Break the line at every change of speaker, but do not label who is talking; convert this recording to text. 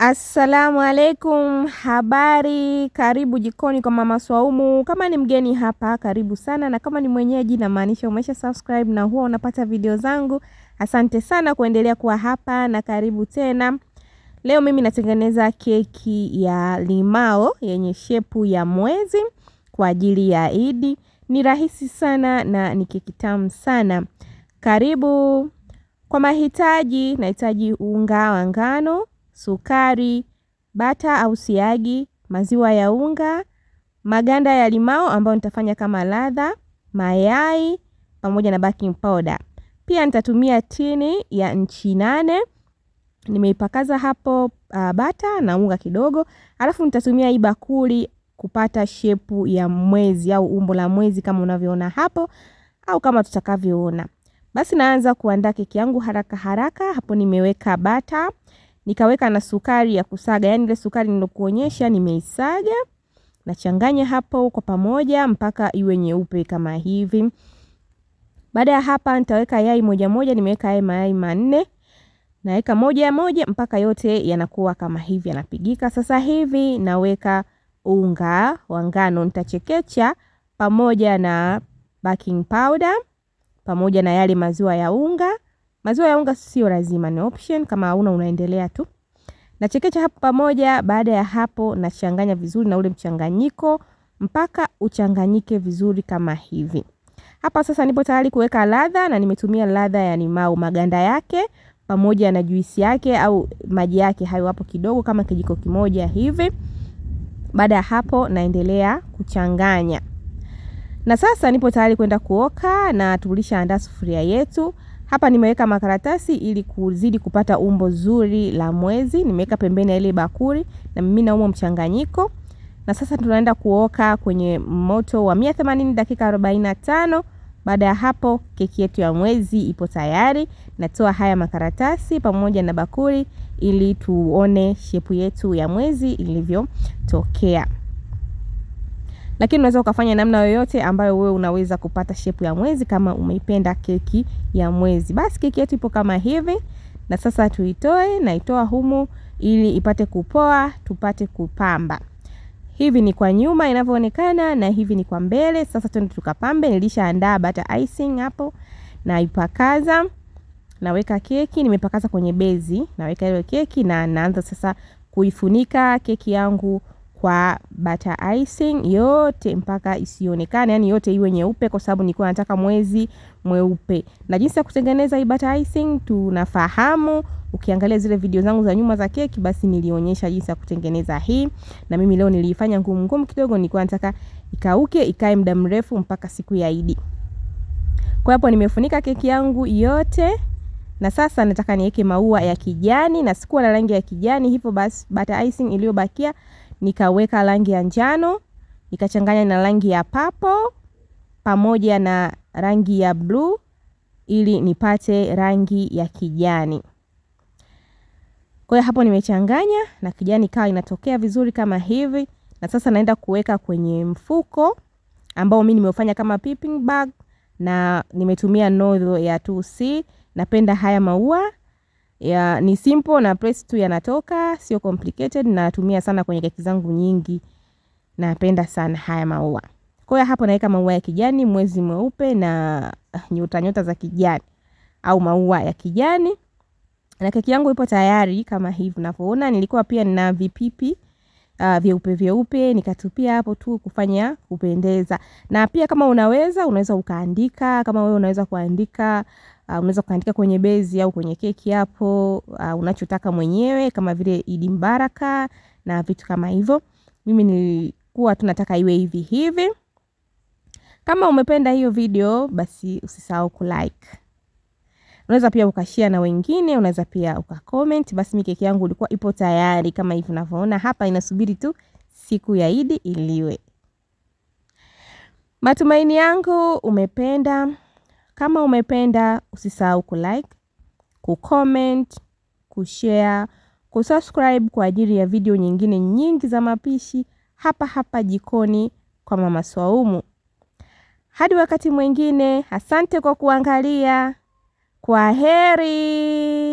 Assalamu alaikum, habari. Karibu jikoni kwa mama Swaumu. Kama ni mgeni hapa, karibu sana, na kama ni mwenyeji, namaanisha umesha subscribe na huwa unapata video zangu. Asante sana kuendelea kuwa hapa na karibu tena. Leo mimi natengeneza keki ya limao yenye shepu ya mwezi kwa ajili ya Idi. Ni rahisi sana na ni keki tamu sana. Karibu. Kwa mahitaji, nahitaji unga wa ngano sukari, bata au siagi, maziwa ya unga, maganda ya limao ambayo nitafanya kama ladha, mayai pamoja na baking powder. Pia nitatumia tini ya nchi nane. Nimeipakaza hapo uh, bata na unga kidogo. Alafu nitatumia hii bakuli kupata shepu ya mwezi au umbo la mwezi kama unavyoona hapo au kama tutakavyoona. Basi naanza kuandaa keki yangu haraka haraka. Hapo nimeweka bata, nikaweka na sukari ya kusaga, yani ile sukari nilokuonyesha nimeisaga, nachanganya hapo kwa pamoja mpaka iwe nyeupe kama hivi. Baada ya hapa nitaweka yai moja moja, nimeweka yai mayai manne naweka moja moja mpaka yote yanakuwa kama hivi, yanapigika. Sasa hivi naweka unga wa ngano, nitachekecha pamoja na baking powder pamoja na yale maziwa ya unga Maziwa ya unga sio lazima, ni option. Kama hauna unaendelea tu. Nachekecha hapo pamoja. Baada ya hapo, nachanganya vizuri na ule mchanganyiko mpaka uchanganyike vizuri kama hivi. Hapa sasa nipo tayari kuweka ladha na nimetumia ladha ya limau, maganda yake pamoja na juisi yake au maji yake hayo hapo kidogo kama kijiko kimoja hivi. Baada ya hapo naendelea kuchanganya. Na sasa nipo tayari kwenda kuoka na tulishaandaa sufuria yetu. Hapa nimeweka makaratasi ili kuzidi kupata umbo zuri la mwezi. Nimeweka pembeni ya ile bakuli na mimi naumo mchanganyiko, na sasa tunaenda kuoka kwenye moto wa 180 dakika 45. Baada ya hapo, keki yetu ya mwezi ipo tayari. Natoa haya makaratasi pamoja na bakuli ili tuone shepu yetu ya mwezi ilivyotokea lakini unaweza ukafanya namna yoyote ambayo wewe unaweza kupata shepu ya mwezi kama umeipenda keki ya mwezi. Basi keki yetu ipo kama hivi, na sasa tuitoe, naitoa humu ili ipate kupoa, tupate kupamba. Hivi ni kwa nyuma inavyoonekana, na hivi ni kwa mbele. Sasa twende tukapambe. Nilishaandaa bata icing hapo, naipakaza naweka keki, nimepakaza kwenye bezi, naweka ile keki na naanza sasa kuifunika keki yangu kwa butter icing yote mpaka isionekane, yani yote iwe nyeupe, kwa sababu nilikuwa nataka mwezi mweupe. Na jinsi ya kutengeneza hii butter icing tunafahamu, ukiangalia zile video zangu za nyuma za keki, basi nilionyesha jinsi ya kutengeneza hii, na mimi leo niliifanya ngumu ngumu kidogo, nilikuwa nataka ikauke, ikae muda mrefu mpaka siku ya Idi. Kwa hapo nimefunika keki yangu yote na sasa nataka niweke maua ya kijani na sikuwa na rangi ya kijani, hivyo basi butter icing iliyobakia nikaweka rangi ya njano nikachanganya na rangi ya papo pamoja na rangi ya bluu ili nipate rangi ya kijani. Kwa hiyo hapo nimechanganya na kijani kawa inatokea vizuri kama hivi, na sasa naenda kuweka kwenye mfuko ambao mimi nimeufanya kama piping bag na nimetumia nodo ya 2C. Napenda haya maua ya, ni simple na press tu yanatoka, sio complicated. Natumia sana kwenye keki zangu nyingi, napenda sana haya maua. Kwa hiyo hapo naweka maua ya kijani, mwezi mweupe na nyota nyota za kijani au maua ya kijani, na keki yangu ipo tayari kama hivi unavyoona. Nilikuwa pia nina vipipi uh, vyeupe vyeupe nikatupia hapo tu kufanya kupendeza. Na pia kama unaweza unaweza ukaandika, kama wewe unaweza kuandika Uh, ah, unaweza kuandika kwenye bezi au kwenye keki hapo uh, unachotaka mwenyewe kama vile Idi Mbaraka na vitu kama hivyo. Mimi nilikuwa tunataka iwe hivi hivi. Kama umependa hiyo video basi usisahau kulike. Unaweza pia ukashia na wengine, unaweza pia ukakoment. Basi mi keki yangu ilikuwa ipo tayari kama hivi unavyoona hapa, inasubiri tu siku ya Idi iliwe. Matumaini yangu umependa. Kama umependa usisahau kulike, kucomment, kushare, kusubscribe kwa ajili ya video nyingine nyingi za mapishi hapa hapa jikoni kwa Mama Swaumu. Hadi wakati mwingine, asante kwa kuangalia. Kwa heri.